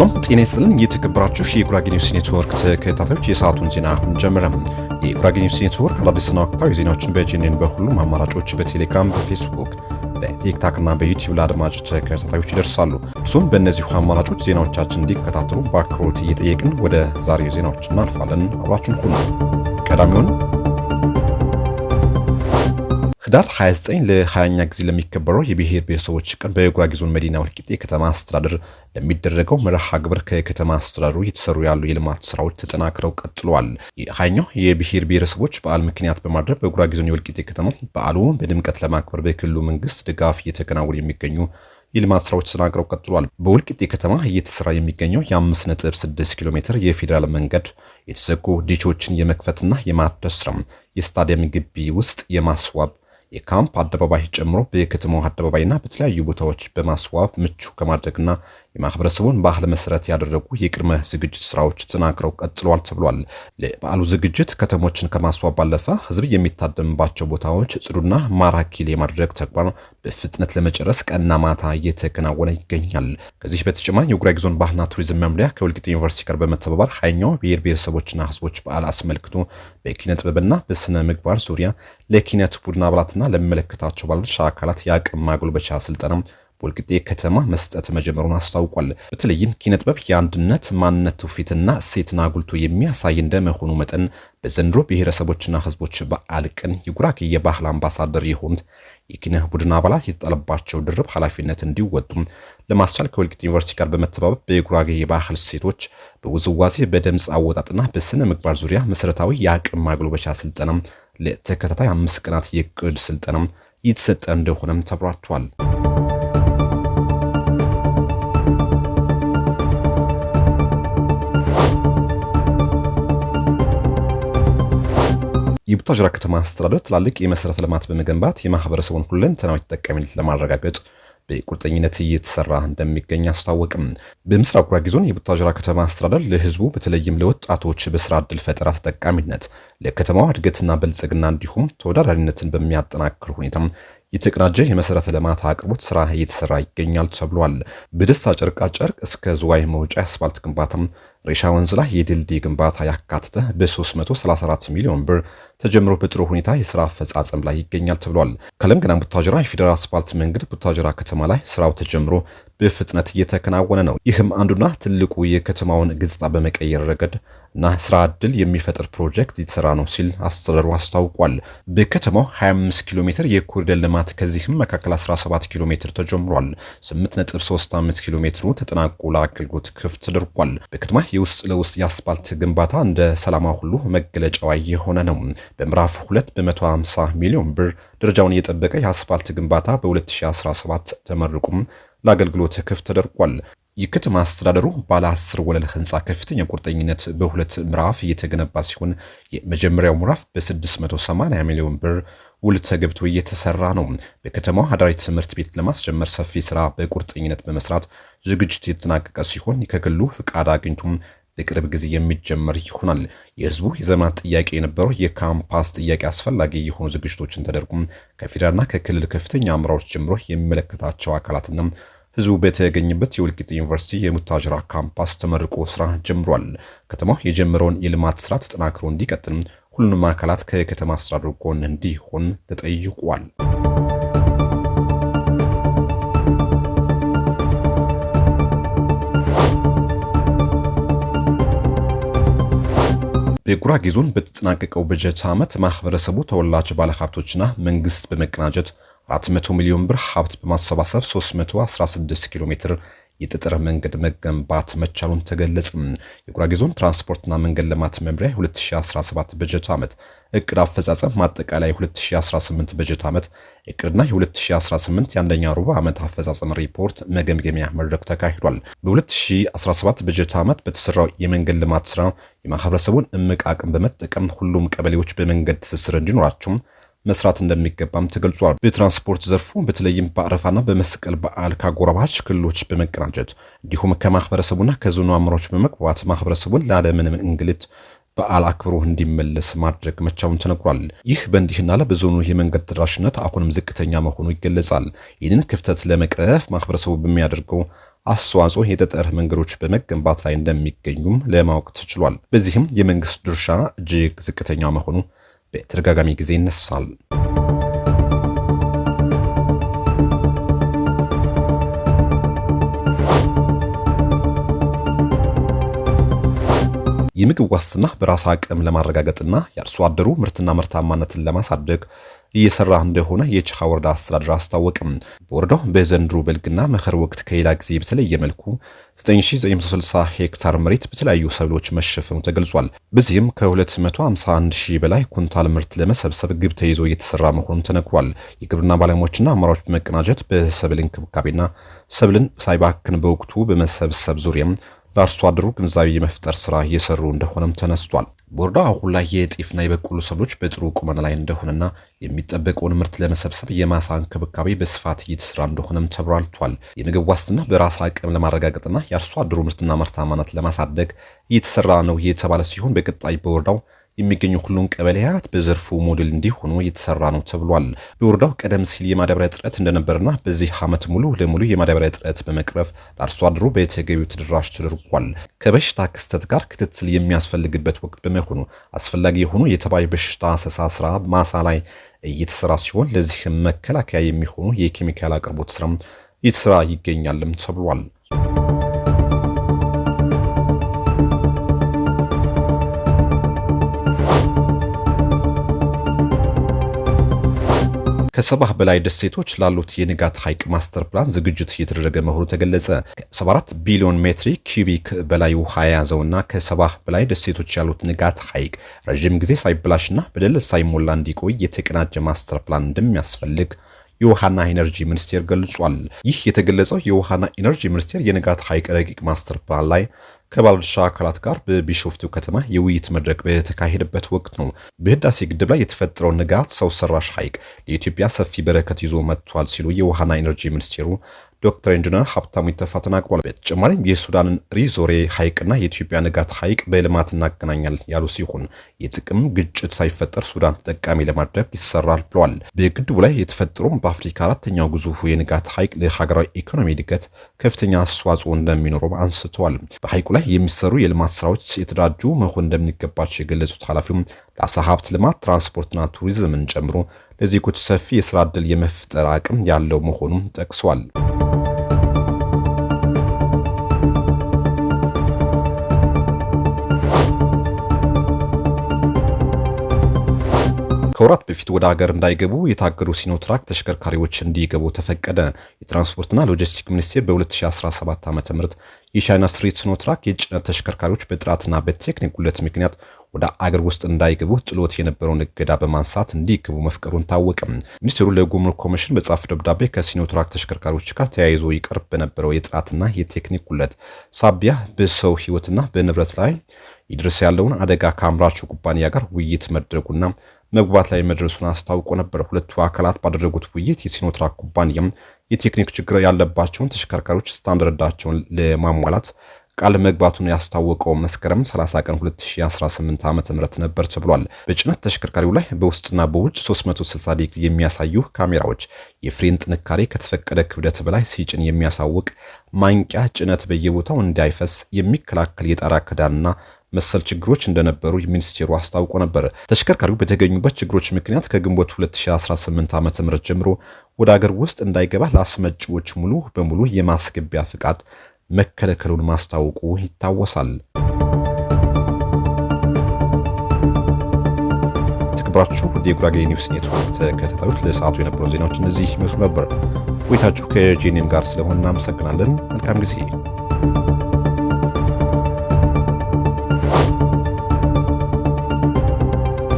ሰላም ጤና ይስጥልን እየተከበራችሁ የጉራጌ ኒውስ ኔትወርክ ተከታታዮች የሰዓቱን ዜና አሁን ጀምረ። የጉራጌ ኒውስ ኔትወርክ አዳዲስና ወቅታዊ ዜናዎችን በጂኔን በሁሉም አማራጮች በቴሌግራም፣ በፌስቡክ፣ በቲክታክና በዩቲዩብ ለአድማጭ ተከታታዮች ይደርሳሉ። እሱም በእነዚሁ አማራጮች ዜናዎቻችን እንዲከታተሉ በአክብሮት እየጠየቅን ወደ ዛሬ ዜናዎች እናልፋለን። አብራችን ሁኑ። ቀዳሚውን ህዳር 29 ለ20ኛ ጊዜ ለሚከበረው የብሔር ብሔረሰቦች ቀን በጉራጌ ዞን መዲና ወልቂጤ ከተማ አስተዳደር ለሚደረገው መርሃ ግብር ከከተማ አስተዳደሩ የተሰሩ ያሉ የልማት ስራዎች ተጠናክረው ቀጥለዋል። የሃያኛው የብሔር ብሔረሰቦች በዓል ምክንያት በማድረግ በጉራጌ ዞን የወልቂጤ ከተማ በዓሉ በድምቀት ለማክበር በክልሉ መንግስት ድጋፍ እየተከናወኑ የሚገኙ የልማት ስራዎች ተጠናክረው ቀጥሏል። በወልቂጤ ከተማ እየተሰራ የሚገኘው የ5.6 ኪሎ ሜትር የፌዴራል መንገድ፣ የተዘጉ ዲቾችን የመክፈትና የማደስ ስራ፣ የስታዲየም ግቢ ውስጥ የማስዋብ የካምፕ አደባባይ ጨምሮ በከተማው አደባባይና በተለያዩ ቦታዎች በማስዋብ ምቹ ከማድረግና የማህበረሰቡን ባህል መሰረት ያደረጉ የቅድመ ዝግጅት ስራዎች ተጠናክረው ቀጥሏል ተብሏል። ለበዓሉ ዝግጅት ከተሞችን ከማስዋብ ባለፈ ህዝብ የሚታደምባቸው ቦታዎች ጽዱና ማራኪ የማድረግ ተግባር በፍጥነት ለመጨረስ ቀንና ማታ እየተከናወነ ይገኛል። ከዚህ በተጨማሪ የጉራጌ ዞን ባህልና ቱሪዝም መምሪያ ከወልቂጤ ዩኒቨርሲቲ ጋር በመተባበር ሀያኛው ብሔር ብሔረሰቦችና ህዝቦች በዓል አስመልክቶ በኪነ ጥበብና በስነ ምግባር ዙሪያ ለኪነት ቡድን አባላትና ለሚመለከታቸው ባለድርሻ አካላት የአቅም ማጎልበቻ ስልጠና ወልቂጤ ከተማ መስጠት መጀመሩን አስታውቋል። በተለይም ኪነጥበብ የአንድነት ማንነት ትውፊትና እሴትን አጉልቶ የሚያሳይ እንደመሆኑ መጠን በዘንድሮ ብሔረሰቦችና ህዝቦች በዓል ቀን የጉራጌ የባህል አምባሳደር የሆኑት የኪነ ቡድን አባላት የተጣለባቸው ድርብ ኃላፊነት እንዲወጡ ለማስቻል ከወልቂጤ ዩኒቨርሲቲ ጋር በመተባበር በጉራጌ የባህል እሴቶች በውዝዋዜ በድምፅ አወጣጥና በስነ ምግባር ዙሪያ መሰረታዊ የአቅም ማግሎበሻ ስልጠና ለተከታታይ አምስት ቀናት የቅድ ስልጠና እየተሰጠ እንደሆነም ተብራርቷል። የቡታጅራ ከተማ አስተዳደር ትላልቅ የመሰረተ ልማት በመገንባት የማህበረሰቡን ሁለንተናዊ ተጠቃሚነት ለማረጋገጥ በቁርጠኝነት እየተሰራ እንደሚገኝ አስታወቅም። በምስራቅ ጉራጌ ዞን የቡታጅራ ከተማ አስተዳደር ለህዝቡ በተለይም ለወጣቶች በስራ እድል ፈጠራ ተጠቃሚነት፣ ለከተማዋ እድገትና ብልጽግና እንዲሁም ተወዳዳሪነትን በሚያጠናክር ሁኔታ የተቀናጀ የመሰረተ ልማት አቅርቦት ስራ እየተሰራ ይገኛል ተብሏል። በደስታ ጨርቃ ጨርቅ እስከ ዝዋይ መውጫ አስፋልት ግንባታም ሬሻ ወንዝ ላይ የድልድይ ግንባታ ያካተተ በ334 ሚሊዮን ብር ተጀምሮ በጥሩ ሁኔታ የስራ አፈጻጸም ላይ ይገኛል ተብሏል። ገና ቡታጅራ የፌዴራል አስፋልት መንገድ ቡታጅራ ከተማ ላይ ስራው ተጀምሮ በፍጥነት እየተከናወነ ነው። ይህም አንዱና ትልቁ የከተማውን ገጽታ በመቀየር ረገድ እና ስራ ድል የሚፈጥር ፕሮጀክት የተሰራ ነው ሲል አስተዳደሩ አስታውቋል። በከተማው 25 ኪሎ ሜትር የኮሪደር ልማት ከዚህም መካከል 17 ኪሎ ሜትር ተጀምሯል። 8.35 ኪሎ ሜትሩ ተጠናቆ ለአገልግሎት ክፍት ተደርጓል። በከተማ የውስጥ ለውስጥ የአስፓልት ግንባታ እንደ ሰላማ ሁሉ መገለጫዋ የሆነ ነው። በምዕራፍ 2 በ150 ሚሊዮን ብር ደረጃውን የጠበቀ የአስፓልት ግንባታ በ2017 ተመርቆም ለአገልግሎት ክፍት ተደርጓል። የከተማ አስተዳደሩ ባለ አስር ወለል ህንፃ ከፍተኛ ቁርጠኝነት በሁለት ምዕራፍ እየተገነባ ሲሆን የመጀመሪያው ምዕራፍ በ680 ሚሊዮን ብር ውል ተገብቶ እየተሰራ ነው። በከተማው አዳሪ ትምህርት ቤት ለማስጀመር ሰፊ ስራ በቁርጠኝነት በመስራት ዝግጅት የተጠናቀቀ ሲሆን ከክልሉ ፍቃድ አግኝቱም በቅርብ ጊዜ የሚጀመር ይሆናል። የህዝቡ የዘመናት ጥያቄ የነበረው የካምፓስ ጥያቄ አስፈላጊ የሆኑ ዝግጅቶችን ተደርጎም ከፌዴራልና ከክልል ከፍተኛ አምራሮች ጀምሮ የሚመለከታቸው አካላትና ህዝቡ በተገኘበት የወልቂጤ ዩኒቨርሲቲ የሙታጅራ ካምፓስ ተመርቆ ስራ ጀምሯል። ከተማው የጀመረውን የልማት ስራ ተጠናክሮ እንዲቀጥልም ሁሉንም አካላት ከከተማ አስተዳደሩ ጎን እንዲሆን ተጠይቋል። የጉራጌ ዞን በተጠናቀቀው በጀት ዓመት ማህበረሰቡ ተወላጅ ባለሀብቶችና መንግስት በመቀናጀት 400 ሚሊዮን ብር ሀብት በማሰባሰብ 316 ኪሎ ሜትር የጠጠር መንገድ መገንባት መቻሉን ተገለጽም። የጉራጌ ዞን ትራንስፖርትና መንገድ ልማት መምሪያ 2017 በጀት ዓመት እቅድ አፈጻጸም ማጠቃላይ 2018 በጀት ዓመት እቅድና የ2018 የአንደኛ ሩብ ዓመት አፈጻጸም ሪፖርት መገምገሚያ መድረክ ተካሂዷል። በ2017 በጀት ዓመት በተሰራው የመንገድ ልማት ስራ የማህበረሰቡን እምቅ አቅም በመጠቀም ሁሉም ቀበሌዎች በመንገድ ትስስር እንዲኖራቸውም መስራት እንደሚገባም ተገልጿል። በትራንስፖርት ዘርፉ በተለይም በአረፋና በመስቀል በዓል ከአጎራባች ክልሎች በመቀናጀት እንዲሁም ከማህበረሰቡና ከዞኑ አምሮች በመግባት ማህበረሰቡን ላለምንም እንግልት በዓል አክብሮ እንዲመለስ ማድረግ መቻሉን ተነግሯል። ይህ በእንዲህ እንዳለ በዞኑ የመንገድ ተደራሽነት አሁንም ዝቅተኛ መሆኑ ይገለጻል። ይህንን ክፍተት ለመቅረፍ ማህበረሰቡ በሚያደርገው አስተዋጽኦ የጠጠር መንገዶች በመገንባት ላይ እንደሚገኙም ለማወቅ ተችሏል። በዚህም የመንግስት ድርሻ እጅግ ዝቅተኛ መሆኑ በተደጋጋሚ ጊዜ ይነሳል። የምግብ ዋስትና በራስ አቅም ለማረጋገጥና የአርሶ አደሩ ምርትና ምርታማነትን ለማሳደግ እየሰራ እንደሆነ የችሃ ወረዳ አስተዳደር አስታወቅም። በወረዳው በዘንድሮ በልግና መኸር ወቅት ከሌላ ጊዜ በተለየ መልኩ 9960 ሄክታር መሬት በተለያዩ ሰብሎች መሸፈኑ ተገልጿል። በዚህም ከ251 ሺህ በላይ ኩንታል ምርት ለመሰብሰብ ግብ ተይዞ እየተሰራ መሆኑን ተነግሯል። የግብርና ባለሙያዎችና አመራሮች በመቀናጀት በሰብል እንክብካቤና ሰብልን ሳይባክን በወቅቱ በመሰብሰብ ዙሪያም ለአርሶ አደሩ ግንዛቤ የመፍጠር ስራ እየሰሩ እንደሆነም ተነስቷል። ቦርዳ አሁን ላይ የጤፍና የበቆሎ ሰብሎች በጥሩ ቁመና ላይ እንደሆነና የሚጠበቀውን ምርት ለመሰብሰብ የማሳ እንክብካቤ በስፋት እየተሰራ እንደሆነም ተብራርቷል። የምግብ ዋስትና በራስ አቅም ለማረጋገጥና የአርሶ አደሩ ምርትና ምርታማነት ለማሳደግ እየተሰራ ነው የተባለ ሲሆን በቀጣይ በወረዳው የሚገኙ ሁሉም ቀበሌያት በዘርፉ ሞዴል እንዲሆኑ እየተሰራ ነው ተብሏል። በወረዳው ቀደም ሲል የማዳበሪያ እጥረት እንደነበርና በዚህ ዓመት ሙሉ ለሙሉ የማዳበሪያ እጥረት በመቅረፍ ለአርሶ አደሩ በተገቢው ተደራሽ ተደርጓል። ከበሽታ ክስተት ጋር ክትትል የሚያስፈልግበት ወቅት በመሆኑ አስፈላጊ የሆኑ የተባይ በሽታ አሰሳ ስራ ማሳ ላይ እየተሰራ ሲሆን ለዚህም መከላከያ የሚሆኑ የኬሚካል አቅርቦት ስራም እየተሰራ ይገኛልም ተብሏል። ከሰባ በላይ ደሴቶች ላሉት የንጋት ሐይቅ ማስተር ፕላን ዝግጅት እየተደረገ መሆኑ ተገለጸ። ከ74 ቢሊዮን ሜትሪ ኪዩቢክ በላይ ውሃ የያዘውና ከሰባ በላይ ደሴቶች ያሉት ንጋት ሐይቅ ረዥም ጊዜ ሳይበላሽና በደለል ሳይሞላ እንዲቆይ የተቀናጀ ማስተር ፕላን እንደሚያስፈልግ የውሃና ኢነርጂ ሚኒስቴር ገልጿል። ይህ የተገለጸው የውሃና ኢነርጂ ሚኒስቴር የንጋት ሐይቅ ረቂቅ ማስተር ፕላን ላይ ከባለድርሻ አካላት ጋር በቢሾፍቱ ከተማ የውይይት መድረክ በተካሄደበት ወቅት ነው። በህዳሴ ግድብ ላይ የተፈጠረው ንጋት ሰው ሰራሽ ሐይቅ ለኢትዮጵያ ሰፊ በረከት ይዞ መጥቷል ሲሉ የውሃና ኢነርጂ ሚኒስቴሩ ዶክተር ኢንጂነር ሀብታሙ ይተፋ ተናግሯል። በተጨማሪም የሱዳንን ሪዞሬ ሐይቅና የኢትዮጵያ ንጋት ሐይቅ በልማት እናገናኛል ያሉ ሲሆን የጥቅም ግጭት ሳይፈጠር ሱዳን ተጠቃሚ ለማድረግ ይሰራል ብለዋል። በግድቡ ላይ የተፈጠሩም በአፍሪካ አራተኛው ግዙፉ የንጋት ሐይቅ ለሀገራዊ ኢኮኖሚ እድገት ከፍተኛ አስተዋጽኦ እንደሚኖረው አንስተዋል። በሐይቁ ላይ የሚሰሩ የልማት ስራዎች የተደራጁ መሆን እንደሚገባቸው የገለጹት ኃላፊውም ለአሳ ሀብት ልማት፣ ትራንስፖርትና ቱሪዝምን ጨምሮ ለዜጎች ሰፊ የስራ ዕድል የመፍጠር አቅም ያለው መሆኑም ጠቅሷል። ከወራት በፊት ወደ ሀገር እንዳይገቡ የታገዱ ሲኖትራክ ተሽከርካሪዎች እንዲገቡ ተፈቀደ። የትራንስፖርትና ሎጂስቲክ ሚኒስቴር በ2017 ዓ ም የቻይና ስትሪት ሲኖትራክ የጭነት ተሽከርካሪዎች በጥራትና በቴክኒክ ጉለት ምክንያት ወደ አገር ውስጥ እንዳይገቡ ጥሎት የነበረውን እገዳ በማንሳት እንዲገቡ መፍቀዱን ታወቀ። ሚኒስትሩ ለጉምሩክ ኮሚሽን በጻፉ ደብዳቤ ከሲኖትራክ ተሽከርካሪዎች ጋር ተያይዞ ይቀርብ በነበረው የጥራትና የቴክኒክ ጉለት ሳቢያ በሰው ሕይወትና በንብረት ላይ ይደርስ ያለውን አደጋ ከአምራቹ ኩባንያ ጋር ውይይት መድረጉና መግባት ላይ መድረሱን አስታውቆ ነበር። ሁለቱ አካላት ባደረጉት ውይይት የሲኖትራክ ኩባንያም የቴክኒክ ችግር ያለባቸውን ተሽከርካሪዎች ስታንዳርዳቸውን ለማሟላት ቃል መግባቱን ያስታወቀው መስከረም 30 ቀን 2018 ዓ.ም ነበር ተብሏል። በጭነት ተሽከርካሪው ላይ በውስጥና በውጭ 360 ዲግሪ የሚያሳዩ ካሜራዎች፣ የፍሬን ጥንካሬ ከተፈቀደ ክብደት በላይ ሲጭን የሚያሳውቅ ማንቂያ፣ ጭነት በየቦታው እንዳይፈስ የሚከላከል የጣራ ክዳንና መሰል ችግሮች እንደነበሩ ሚኒስቴሩ አስታውቆ ነበር። ተሽከርካሪው በተገኙበት ችግሮች ምክንያት ከግንቦት 2018 ዓ ም ጀምሮ ወደ አገር ውስጥ እንዳይገባ ለአስመጪዎች ሙሉ በሙሉ የማስገቢያ ፍቃድ መከለከሉን ማስታወቁ ይታወሳል። ተከብራችሁ የጉራጌ ኒውስ ኔትወርክ ተከታታዮች ለሰዓቱ የነበሩ ዜናዎች እነዚህ ይመስሉ ነበር። ቆይታችሁ ከጄኔም ጋር ስለሆነ እናመሰግናለን። መልካም ጊዜ